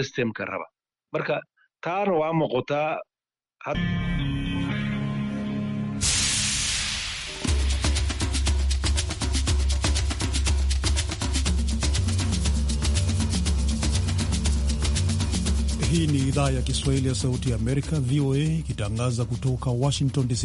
sisteemka raba marka taana waa muuqataa Hii ni idhaa ya Kiswahili ya Sauti ya Amerika, VOA, ikitangaza kutoka Washington DC.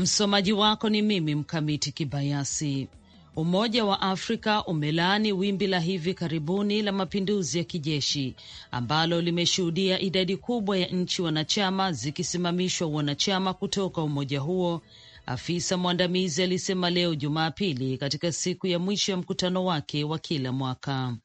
Msomaji wako ni mimi Mkamiti Kibayasi. Umoja wa Afrika umelaani wimbi la hivi karibuni la mapinduzi ya kijeshi ambalo limeshuhudia idadi kubwa ya nchi wanachama zikisimamishwa wanachama kutoka umoja huo, afisa mwandamizi alisema leo Jumapili, katika siku ya mwisho ya mkutano wake wa kila mwaka.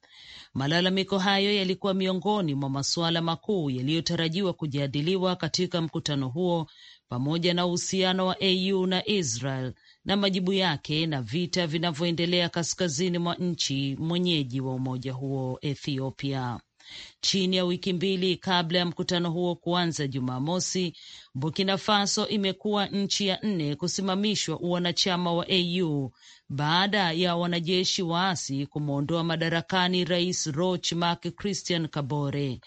Malalamiko hayo yalikuwa miongoni mwa masuala makuu yaliyotarajiwa kujadiliwa katika mkutano huo pamoja na uhusiano wa AU na Israel na majibu yake na vita vinavyoendelea kaskazini mwa nchi mwenyeji wa umoja huo Ethiopia. Chini ya wiki mbili kabla ya mkutano huo kuanza Jumamosi, Burkina Faso imekuwa nchi ya nne kusimamishwa uwanachama wa AU baada ya wanajeshi waasi kumwondoa madarakani Rais Roch Marc Christian Kabore.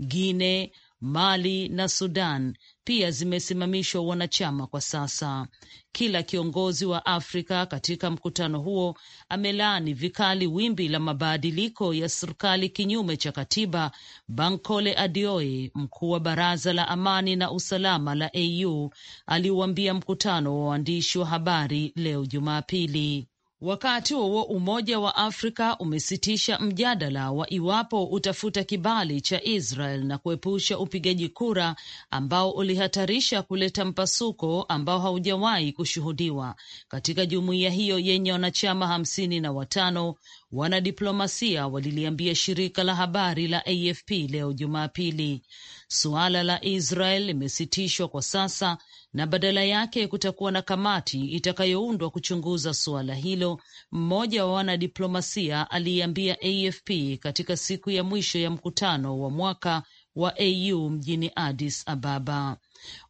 Guine, Mali na Sudan pia zimesimamishwa wanachama kwa sasa. Kila kiongozi wa Afrika katika mkutano huo amelaani vikali wimbi la mabadiliko ya serikali kinyume cha katiba. Bankole Adioye, mkuu wa baraza la amani na usalama la AU, aliuambia mkutano wa waandishi wa habari leo Jumapili. Wakati huo Umoja wa Afrika umesitisha mjadala wa iwapo utafuta kibali cha Israel na kuepusha upigaji kura ambao ulihatarisha kuleta mpasuko ambao haujawahi kushuhudiwa katika jumuiya hiyo yenye wanachama hamsini na watano. Wanadiplomasia waliliambia shirika la habari la AFP leo Jumapili Suala la Israel limesitishwa kwa sasa na badala yake kutakuwa na kamati itakayoundwa kuchunguza suala hilo, mmoja wa wanadiplomasia aliiambia AFP katika siku ya mwisho ya mkutano wa mwaka wa AU mjini Addis Ababa.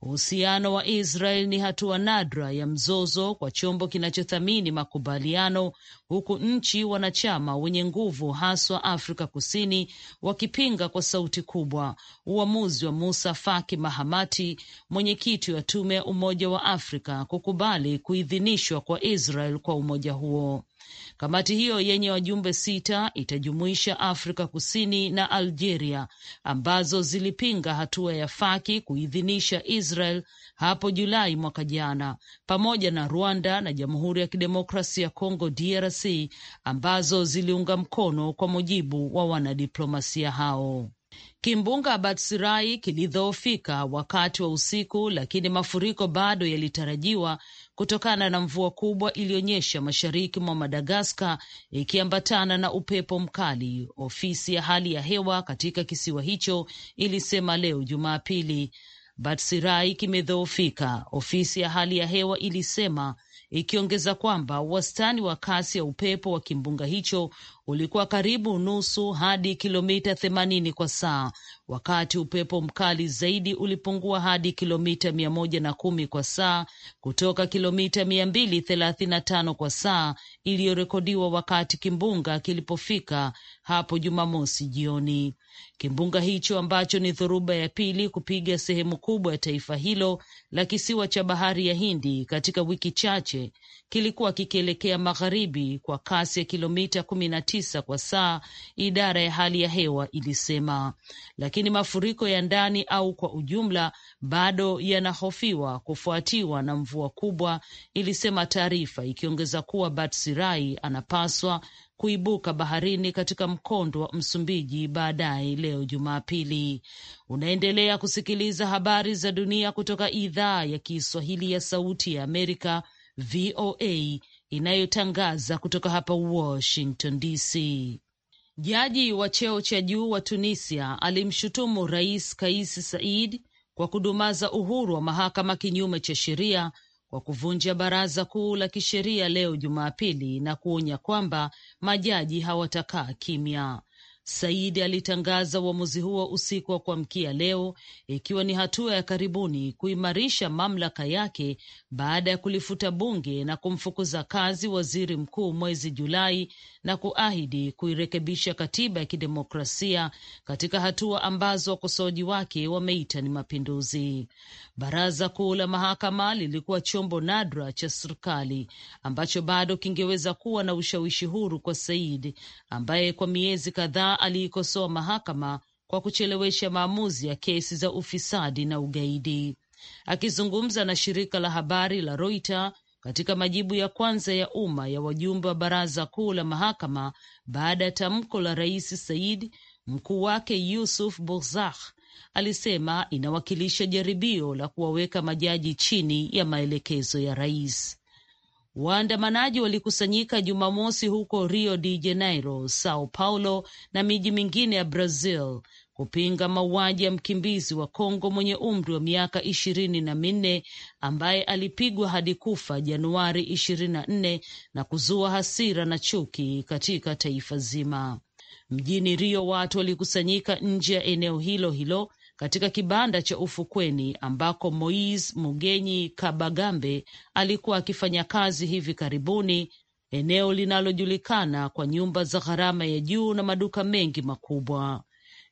Uhusiano wa Israel ni hatua nadra ya mzozo kwa chombo kinachothamini makubaliano, huku nchi wanachama wenye nguvu haswa Afrika Kusini wakipinga kwa sauti kubwa uamuzi wa Musa Faki Mahamati, mwenyekiti wa tume ya Umoja wa Afrika, kukubali kuidhinishwa kwa Israel kwa umoja huo. Kamati hiyo yenye wajumbe sita itajumuisha Afrika Kusini na Algeria ambazo zilipinga hatua ya Faki kuidhinisha Israel hapo Julai mwaka jana, pamoja na Rwanda na Jamhuri ya Kidemokrasia ya Kongo DRC ambazo ziliunga mkono, kwa mujibu wa wanadiplomasia hao. Kimbunga Batsirai kilidhoofika wakati wa usiku, lakini mafuriko bado yalitarajiwa kutokana na mvua kubwa iliyonyesha mashariki mwa Madagaskar ikiambatana na upepo mkali, ofisi ya hali ya hewa katika kisiwa hicho ilisema leo Jumapili. Batsirai kimedhoofika, ofisi ya hali ya hewa ilisema, ikiongeza kwamba wastani wa kasi ya upepo wa kimbunga hicho ulikuwa karibu nusu hadi kilomita themanini kwa saa, wakati upepo mkali zaidi ulipungua hadi kilomita mia moja na kumi kwa saa kutoka kilomita mia mbili thelathini na tano kwa saa iliyorekodiwa wakati kimbunga kilipofika hapo Jumamosi jioni. Kimbunga hicho ambacho ni dhoruba ya pili kupiga sehemu kubwa ya taifa hilo la kisiwa cha bahari ya Hindi katika wiki chache kilikuwa kikielekea magharibi kwa kasi ya kilomita kumi na tisa kwa saa, idara ya hali ya hewa ilisema, lakini mafuriko ya ndani au kwa ujumla bado yanahofiwa kufuatiwa na mvua kubwa, ilisema taarifa, ikiongeza kuwa Batsirai anapaswa kuibuka baharini katika mkondo wa Msumbiji baadaye leo Jumapili. Unaendelea kusikiliza habari za dunia kutoka idhaa ya Kiswahili ya Sauti ya Amerika, VOA, inayotangaza kutoka hapa Washington DC. Jaji wa cheo cha juu wa Tunisia alimshutumu Rais Kais Saied kwa kudumaza uhuru wa mahakama kinyume cha sheria kwa kuvunja baraza kuu la kisheria leo Jumapili na kuonya kwamba majaji hawatakaa kimya. Saidi alitangaza uamuzi huo usiku wa kuamkia leo, ikiwa ni hatua ya karibuni kuimarisha mamlaka yake baada ya kulifuta bunge na kumfukuza kazi waziri mkuu mwezi Julai na kuahidi kuirekebisha katiba ya kidemokrasia katika hatua ambazo wakosoaji wake wameita ni mapinduzi. Baraza Kuu la Mahakama lilikuwa chombo nadra cha serikali ambacho bado kingeweza kuwa na ushawishi huru kwa Said ambaye kwa miezi kadhaa aliikosoa mahakama kwa kuchelewesha maamuzi ya kesi za ufisadi na ugaidi. Akizungumza na shirika la habari la Reuters katika majibu ya kwanza ya umma ya wajumbe wa baraza kuu la mahakama baada ya tamko la rais Said, mkuu wake Yusuf Borzakh alisema inawakilisha jaribio la kuwaweka majaji chini ya maelekezo ya rais. Waandamanaji walikusanyika Jumamosi huko Rio de Janeiro, Sao Paulo na miji mingine ya Brazil kupinga mauaji ya mkimbizi wa Kongo mwenye umri wa miaka ishirini na minne ambaye alipigwa hadi kufa Januari ishirini na nne na kuzua hasira na chuki katika taifa zima. Mjini Rio, watu walikusanyika nje ya eneo hilo hilo katika kibanda cha ufukweni ambako mois Mugenyi Kabagambe alikuwa akifanya kazi hivi karibuni, eneo linalojulikana kwa nyumba za gharama ya juu na maduka mengi makubwa.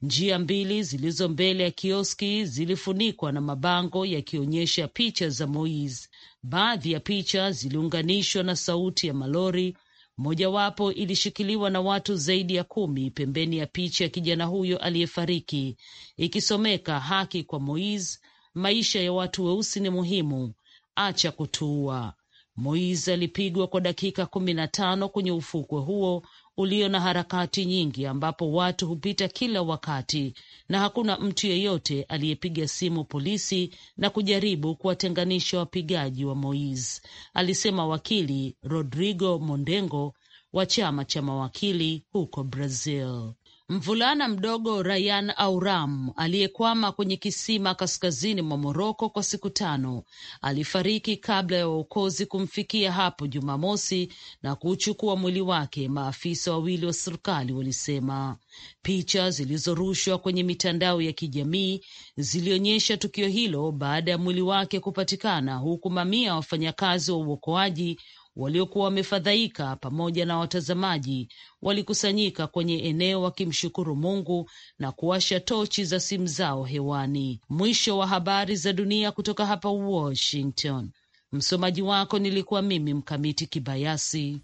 Njia mbili zilizo mbele ya kioski zilifunikwa na mabango yakionyesha picha za mois Baadhi ya picha ziliunganishwa na sauti ya malori Mojawapo ilishikiliwa na watu zaidi ya kumi pembeni ya picha ya kijana huyo aliyefariki ikisomeka, haki kwa mois maisha ya watu weusi ni muhimu, acha kutuua. Mois alipigwa kwa dakika kumi na tano kwenye ufukwe huo ulio na harakati nyingi ambapo watu hupita kila wakati na hakuna mtu yeyote aliyepiga simu polisi na kujaribu kuwatenganisha wapigaji wa mois alisema wakili Rodrigo Mondengo wa chama cha mawakili huko Brazil. Mvulana mdogo Rayan Auram aliyekwama kwenye kisima kaskazini mwa Moroko kwa siku tano alifariki kabla ya waokozi kumfikia hapo Jumamosi na kuuchukua mwili wake, maafisa wawili wa serikali walisema. Picha zilizorushwa kwenye mitandao ya kijamii zilionyesha tukio hilo baada ya mwili wake kupatikana, huku mamia ya wafanyakazi wa uokoaji waliokuwa wamefadhaika pamoja na watazamaji walikusanyika kwenye eneo wakimshukuru Mungu na kuwasha tochi za simu zao hewani. Mwisho wa habari za dunia kutoka hapa Washington. Msomaji wako nilikuwa mimi Mkamiti Kibayasi.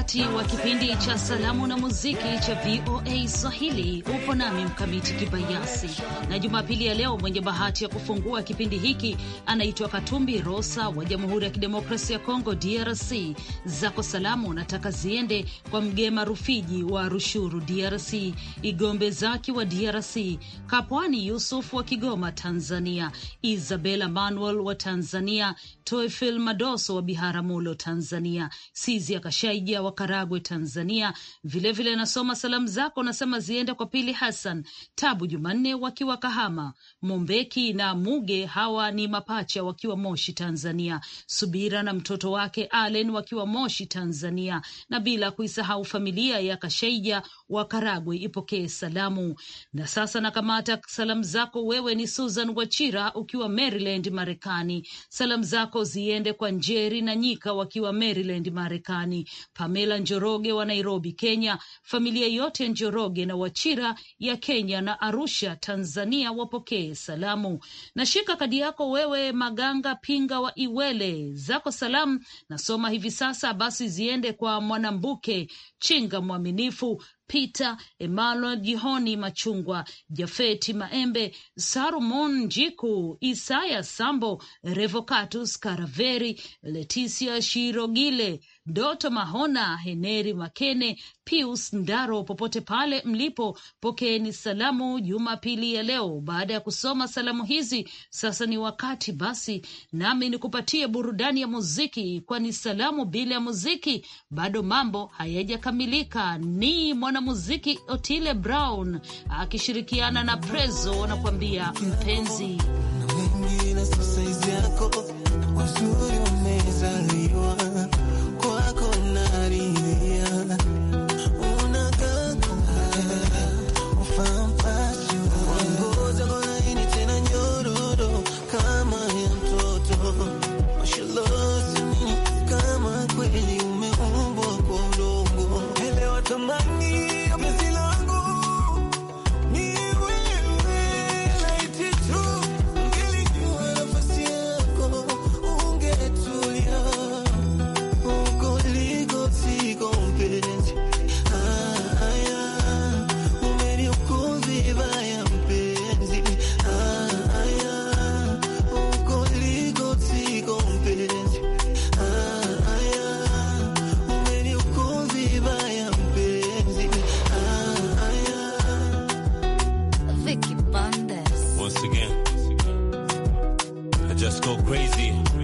wakati wa kipindi cha salamu na muziki cha VOA Swahili. Upo nami Mkamiti Kibayasi, na Jumapili ya leo mwenye bahati ya kufungua kipindi hiki anaitwa Katumbi Rosa wa Jamhuri ya Kidemokrasia ya Kongo, DRC. Zako salamu nataka ziende kwa Mgema Rufiji wa Rushuru, DRC, Igombe Zaki wa DRC, Kapwani Yusuf wa Kigoma, Tanzania, Isabela Manuel wa Tanzania, Toefil Madoso wa Biharamulo, Tanzania, Sizia Akashaija wa wa Karagwe, Tanzania. Vilevile anasoma salamu zako, nasema ziende kwa Pili Hassan Tabu, Jumanne wakiwa Kahama, Mombeki na Muge, hawa ni mapacha wakiwa Moshi, Tanzania, Subira na mtoto wake Allen wakiwa Moshi, Tanzania, na bila kuisahau familia ya Kasheija wa Karagwe ipokee salamu. Na sasa nakamata salamu zako, wewe ni Susan Wachira ukiwa Maryland, Marekani. Salamu zako ziende kwa Njeri na Nyika wakiwa Maryland, Marekani, Pame Pamela Njoroge wa Nairobi, Kenya, familia yote Njoroge na Wachira ya Kenya na Arusha, Tanzania wapokee salamu. Nashika kadi yako wewe, Maganga Pinga wa Iwele, zako salamu nasoma hivi sasa, basi ziende kwa Mwanambuke Chinga Mwaminifu, Peter Emmanuel Jihoni Machungwa, Jafeti Maembe, Sarumon Njiku, Isaya Sambo, Revocatus Karaveri, Leticia Shirogile Doto Mahona, Heneri Makene, Pius Ndaro, popote pale mlipo, pokeeni salamu Jumapili ya leo. Baada ya kusoma salamu hizi, sasa ni wakati basi nami nikupatie burudani ya muziki, kwani salamu bila ya muziki bado mambo hayajakamilika. Ni mwanamuziki Otile Brown akishirikiana na Prezo wanakuambia mpenzi na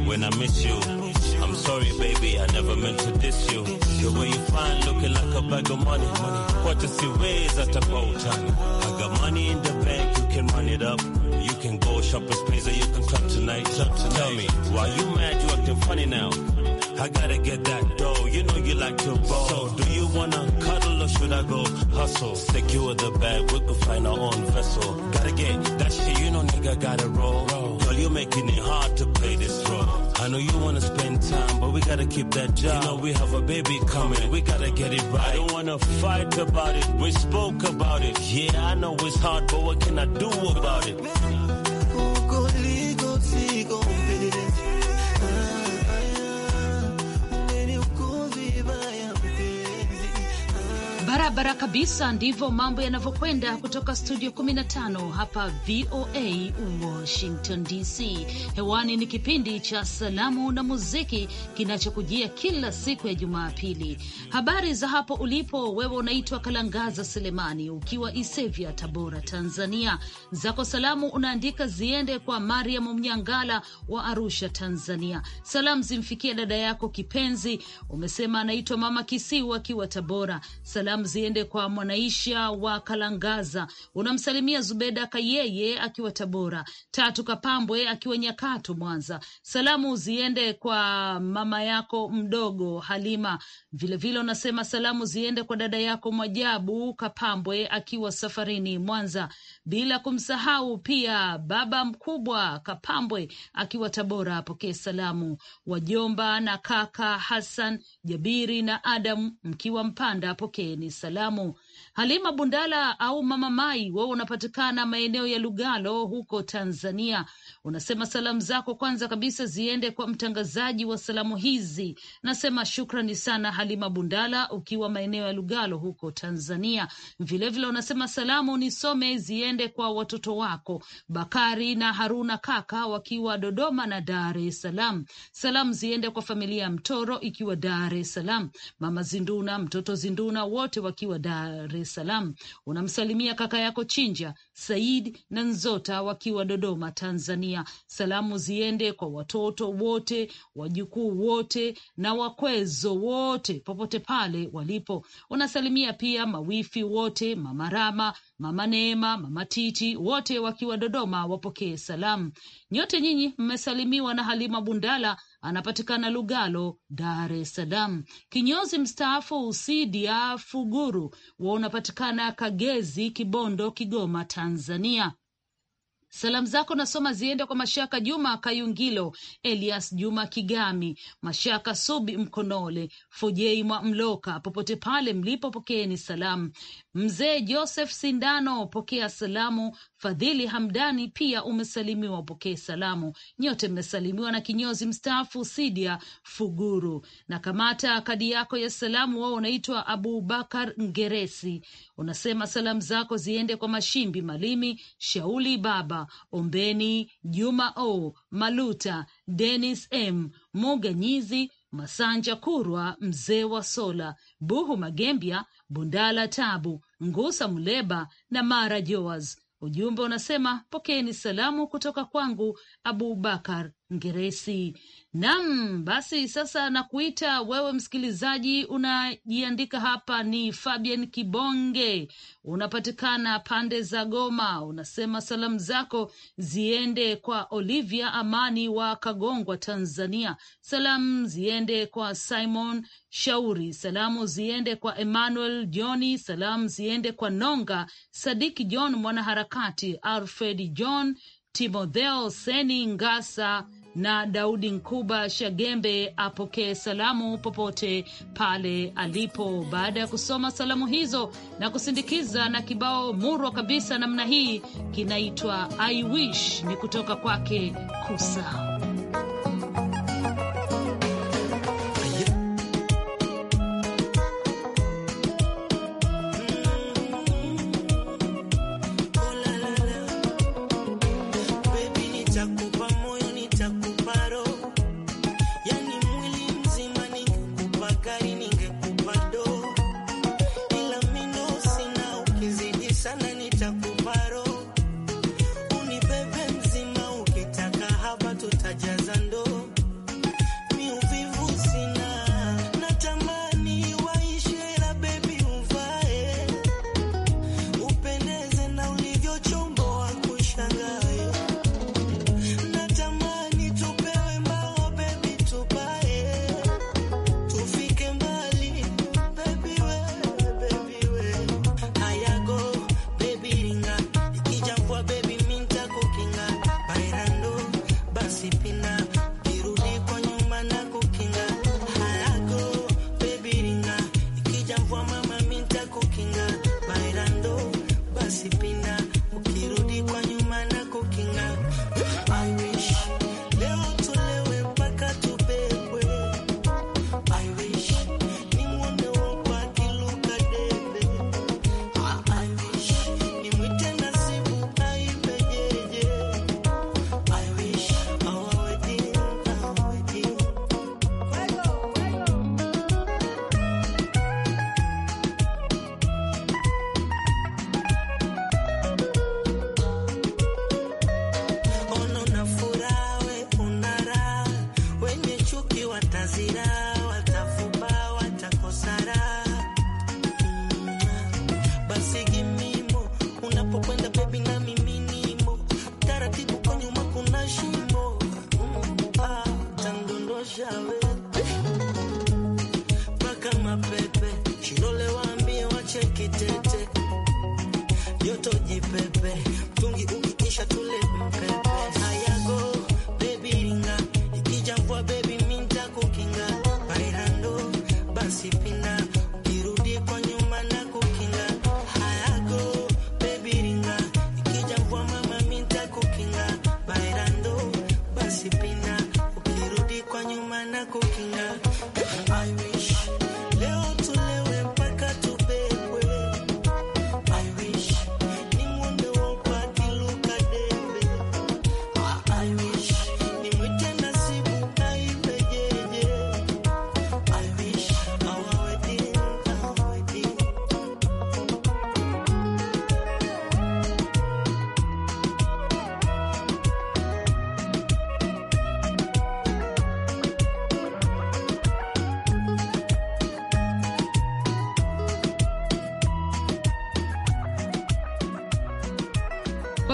when I miss you. I'm sorry, baby, I never meant to diss you. The way you find looking like a bag of money. What to see ways at a time. I got money in the bank, you can run it up. You can go shop space or you can club tonight. Tell me, why you mad? You acting funny now. I gotta get that dough. You know you like to roll. So do you wanna cuddle or should I go hustle? Secure the bag, we could find our own vessel. Gotta get that shit, you know nigga gotta roll. Girl, you're making it hard to play this role. I know you wanna spend time, but we gotta keep that job. You know we have a baby coming, we gotta get it right. I don't wanna fight about it, we spoke about it. Yeah, I know it's hard, but what can I do about it? Barabara kabisa, ndivyo mambo yanavyokwenda kutoka studio 15 hapa VOA Washington DC. Hewani ni kipindi cha salamu na muziki kinachokujia kila siku ya Jumapili. Habari za hapo ulipo wewe, unaitwa Kalangaza Selemani ukiwa Isevya, Tabora, Tanzania. Zako salamu unaandika ziende kwa Mariam Mnyangala wa Arusha, Tanzania. Salamu zimfikie dada yako kipenzi, umesema anaitwa Mama Kisiu akiwa Tabora. Salamu ziende kwa Mwanaisha wa Kalangaza, unamsalimia Zubeda Kayeye akiwa Tabora, Tatu Kapambwe akiwa Nyakato Mwanza. Salamu ziende kwa mama yako mdogo Halima, vilevile unasema salamu ziende kwa dada yako Mwajabu Kapambwe akiwa safarini Mwanza, bila kumsahau pia baba mkubwa Kapambwe akiwa Tabora, apokee salamu. Wajomba na kaka Hassan Jabiri na Adam mkiwa Mpanda, apokeeni salamu Halima Bundala au Mama Mai, wewe unapatikana maeneo ya Lugalo huko Tanzania, unasema salamu zako kwanza kabisa ziende kwa mtangazaji wa salamu hizi. Nasema shukrani sana Halima Bundala, ukiwa maeneo ya Lugalo huko Tanzania. Vilevile vile unasema salamu nisome ziende kwa watoto wako Bakari na Haruna kaka wakiwa Dodoma na Dar es Salaam. Salamu ziende kwa familia ya Mtoro ikiwa Dar es Salaam, Mama Zinduna, mtoto Zinduna, wote wakiwa Dar es Salaam, unamsalimia kaka yako Chinja Said na Nzota wakiwa Dodoma, Tanzania. Salamu ziende kwa watoto wote, wajukuu wote na wakwezo wote popote pale walipo. Unasalimia pia mawifi wote, mama Rama, mama Neema, mama Titi, wote wakiwa Dodoma, wapokee salamu. Nyote nyinyi mmesalimiwa na Halima Bundala anapatikana Lugalo, Dar es Salaam. Kinyozi mstaafu Usidia Fuguru wa unapatikana Kagezi, Kibondo, Kigoma, Tanzania. Salamu zako nasoma ziende kwa Mashaka Juma Kayungilo, Elias Juma Kigami, Mashaka Subi Mkonole, Fojei Mwa Mloka, popote pale mlipo, pokeeni salamu. Mzee Joseph Sindano, pokea salamu. Fadhili Hamdani pia umesalimiwa, upokee salamu. Nyote mmesalimiwa na kinyozi mstaafu Sidia Fuguru na kamata kadi yako ya salamu. Wao unaitwa Abubakar Ngeresi, unasema salamu zako ziende kwa Mashimbi Malimi, Shauli Baba Mwamba, Ombeni Juma O Maluta, Dennis M Muga, Nyizi Masanja Kurwa, Mzee wa Sola, Buhu Magembya, Bundala Tabu, Ngusa Muleba na Mara Joas. Ujumbe unasema pokeni salamu kutoka kwangu Abubakar Ngeresi. Nam, basi sasa nakuita wewe msikilizaji, unajiandika hapa ni Fabian Kibonge, unapatikana pande za Goma. Unasema salamu zako ziende kwa Olivia Amani wa Kagongwa, Tanzania. Salamu ziende kwa Simon Shauri, salamu ziende kwa Emmanuel johni salamu ziende kwa Nonga Sadiki John mwanaharakati, Alfred John, Timotheo Seni Ngasa na Daudi Nkuba Shagembe apokee salamu popote pale alipo. Baada ya kusoma salamu hizo na kusindikiza na kibao murwa kabisa namna hii, kinaitwa I wish ni kutoka kwake Kusa.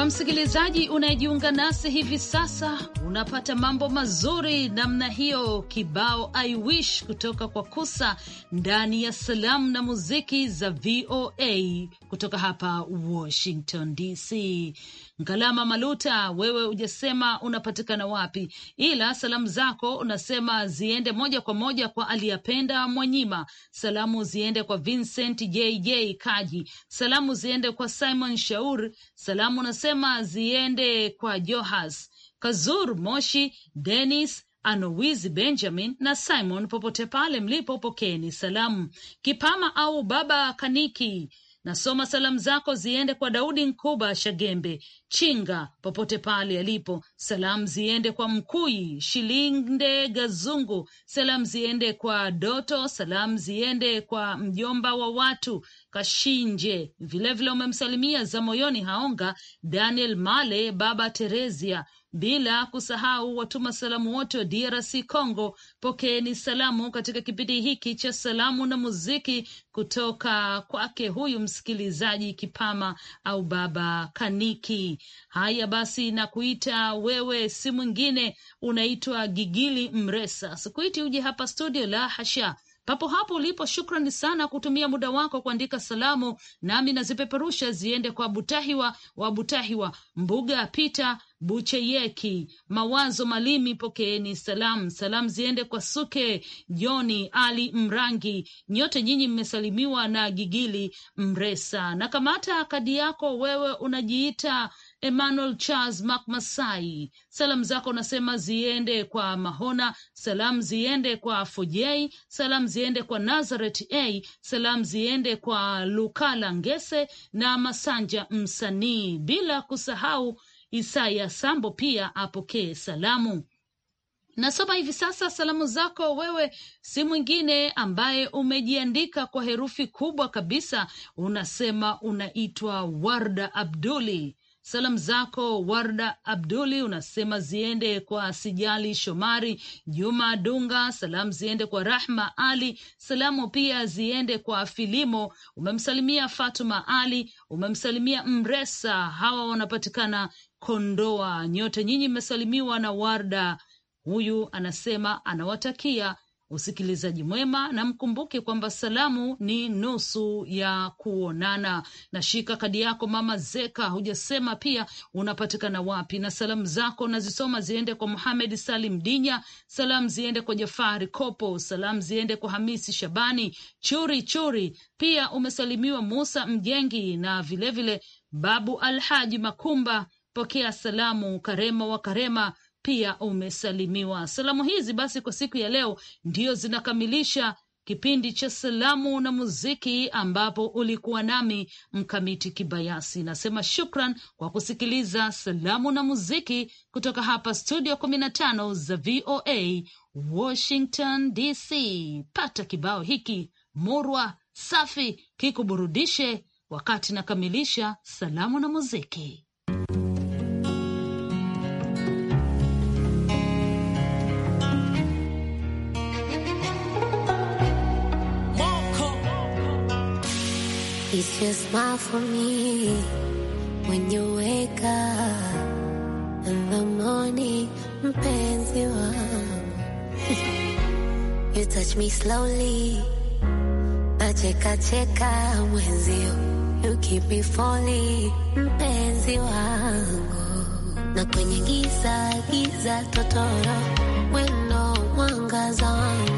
Kwa msikilizaji unayejiunga nasi hivi sasa, unapata mambo mazuri namna hiyo, kibao I wish kutoka kwa Kusa ndani ya salamu na muziki za VOA kutoka hapa Washington DC. Ngalama Maluta, wewe ujasema unapatikana wapi, ila salamu zako unasema ziende moja kwa moja kwa Aliyapenda Mwanyima, salamu ziende kwa Vincent JJ Kaji, salamu ziende kwa Simon Shaur, salamu unasema ziende kwa Johas Kazur Moshi, denis Anowizi Benjamin na Simon, popote pale mlipo, pokeni salamu. Kipama au Baba Kaniki, nasoma salamu zako ziende kwa Daudi Nkuba Shagembe, Chinga popote pale alipo. Salamu ziende kwa mkui Shilinde Gazungu, salamu ziende kwa Doto, salamu ziende kwa mjomba wa watu Kashinje. Vilevile umemsalimia za moyoni Haonga Daniel Male, baba Teresia, bila kusahau watuma salamu wote wa DRC Congo. Pokeeni salamu katika kipindi hiki cha salamu na muziki kutoka kwake huyu msikilizaji Kipama au baba Kaniki. Haya basi, nakuita wewe, si mwingine, unaitwa Gigili Mresa. Sikuiti uje hapa studio, la hasha papo hapo ulipo. Shukrani sana kutumia muda wako kuandika salamu, nami nazipeperusha ziende kwa Butahiwa wa Butahiwa, Mbuga Pita Bucheyeki Mawazo Malimi, pokeeni salamu. Salamu ziende kwa Suke Joni Ali Mrangi, nyote nyinyi mmesalimiwa na Gigili Mresa na kamata kadi yako. Wewe unajiita Emmanuel Charles Mac Masai, salamu zako unasema ziende kwa Mahona, salamu ziende kwa Fojei, salamu ziende kwa nazaret A, salamu ziende kwa Lukala Ngese na Masanja msanii, bila kusahau Isaya Sambo pia apokee salamu. Nasoma hivi sasa salamu zako. Wewe si mwingine ambaye umejiandika kwa herufi kubwa kabisa, unasema unaitwa Warda Abduli. Salamu zako Warda Abduli unasema ziende kwa Sijali Shomari, Juma Dunga, salamu ziende kwa Rahma Ali, salamu pia ziende kwa Filimo, umemsalimia Fatuma Ali, umemsalimia Mresa, hawa wanapatikana Kondoa. Nyote nyinyi mmesalimiwa na Warda. Huyu anasema anawatakia usikilizaji mwema na mkumbuke kwamba salamu ni nusu ya kuonana. Na shika kadi yako mama Zeka, hujasema pia unapatikana wapi, na salamu zako nazisoma ziende kwa Muhamed Salim Dinya, salamu ziende kwa Jafari Kopo, salamu ziende kwa Hamisi Shabani Churi Churi, pia umesalimiwa Musa Mjengi na vilevile vile Babu Alhaji Makumba pokea salamu Karema wa Karema pia umesalimiwa. Salamu hizi basi kwa siku ya leo ndiyo zinakamilisha kipindi cha salamu na muziki, ambapo ulikuwa nami Mkamiti Kibayasi. Nasema shukran kwa kusikiliza salamu na muziki kutoka hapa studio 15 za VOA Washington DC. Pata kibao hiki murwa safi kikuburudishe, wakati nakamilisha salamu na muziki. you smile for me when you wake up in the morning pains you up. you touch me slowly, nacheka cheka mwenzio, you keep me falling mpenzi wangu, na kwenye giza giza totoro weno mwangaza wangu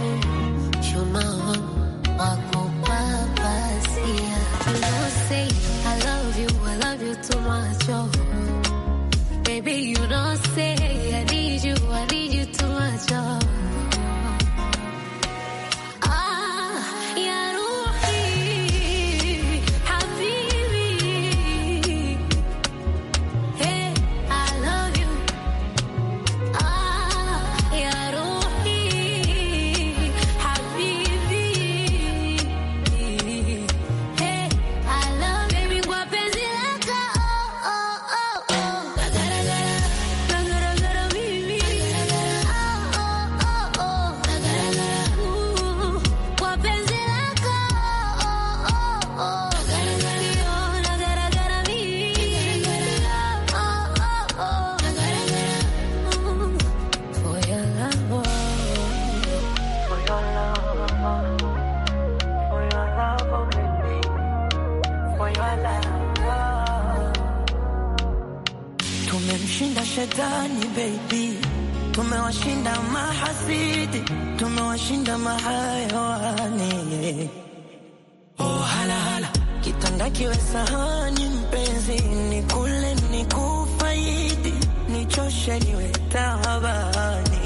Tamani mpenzi, nikule nikufaidi, nichoshe niwe tabani.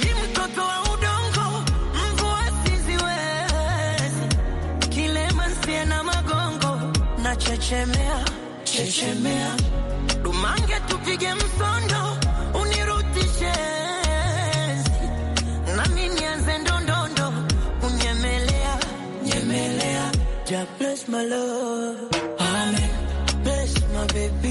Mi mtoto wa udongo, na magongo, chechemea, dumange tupige msondo God bless my love. Amen. Bless my baby.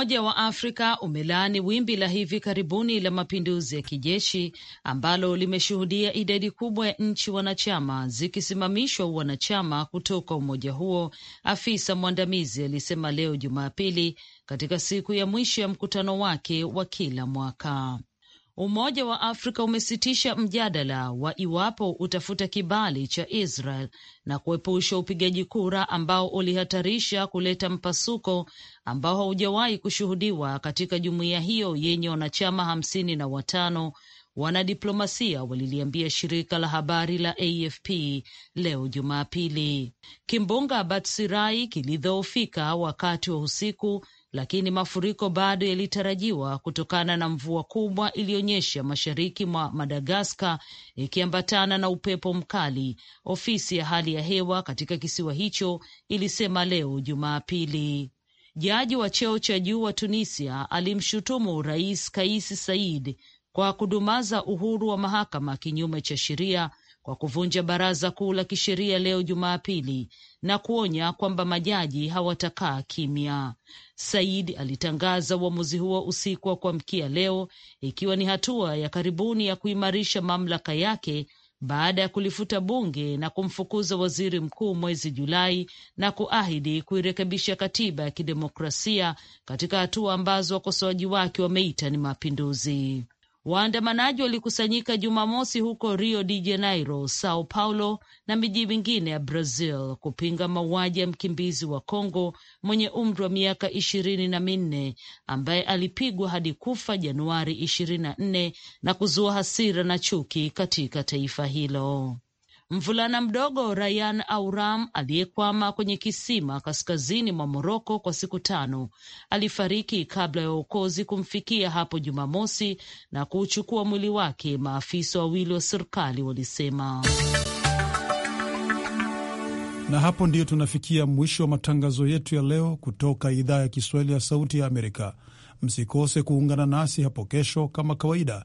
Umoja wa Afrika umelaani wimbi la hivi karibuni la mapinduzi ya kijeshi ambalo limeshuhudia idadi kubwa ya nchi wanachama zikisimamishwa wanachama kutoka umoja huo, afisa mwandamizi alisema leo Jumapili, katika siku ya mwisho ya mkutano wake wa kila mwaka. Umoja wa Afrika umesitisha mjadala wa iwapo utafuta kibali cha Israel na kuepusha upigaji kura ambao ulihatarisha kuleta mpasuko ambao haujawahi kushuhudiwa katika jumuiya hiyo yenye wanachama hamsini na watano. Wanadiplomasia waliliambia shirika la habari la AFP leo Jumapili. Kimbunga Batsirai kilidhoofika wakati wa usiku lakini mafuriko bado yalitarajiwa kutokana na mvua kubwa iliyonyesha mashariki mwa Madagaskar ikiambatana na upepo mkali, ofisi ya hali ya hewa katika kisiwa hicho ilisema leo Jumapili. Jaji wa cheo cha juu wa Tunisia alimshutumu Rais Kais Saied kwa kudumaza uhuru wa mahakama kinyume cha sheria kwa kuvunja baraza kuu la kisheria leo Jumapili na kuonya kwamba majaji hawatakaa kimya. Said alitangaza uamuzi huo usiku wa kuamkia leo, ikiwa ni hatua ya karibuni ya kuimarisha mamlaka yake baada ya kulifuta bunge na kumfukuza waziri mkuu mwezi Julai na kuahidi kuirekebisha katiba ya kidemokrasia katika hatua ambazo wakosoaji wake wameita ni mapinduzi. Waandamanaji walikusanyika Jumamosi huko Rio de Janeiro, Sao Paulo na miji mingine ya Brazil kupinga mauaji ya mkimbizi wa congo mwenye umri wa miaka ishirini na minne ambaye alipigwa hadi kufa Januari ishirini na nne na kuzua hasira na chuki katika taifa hilo. Mvulana mdogo Rayan Auram aliyekwama kwenye kisima kaskazini mwa Moroko kwa siku tano alifariki kabla ya uokozi kumfikia hapo Jumamosi na kuuchukua mwili wake, maafisa wawili wa serikali walisema. Na hapo ndiyo tunafikia mwisho wa matangazo yetu ya leo kutoka idhaa ya Kiswahili ya Sauti ya Amerika. Msikose kuungana nasi hapo kesho kama kawaida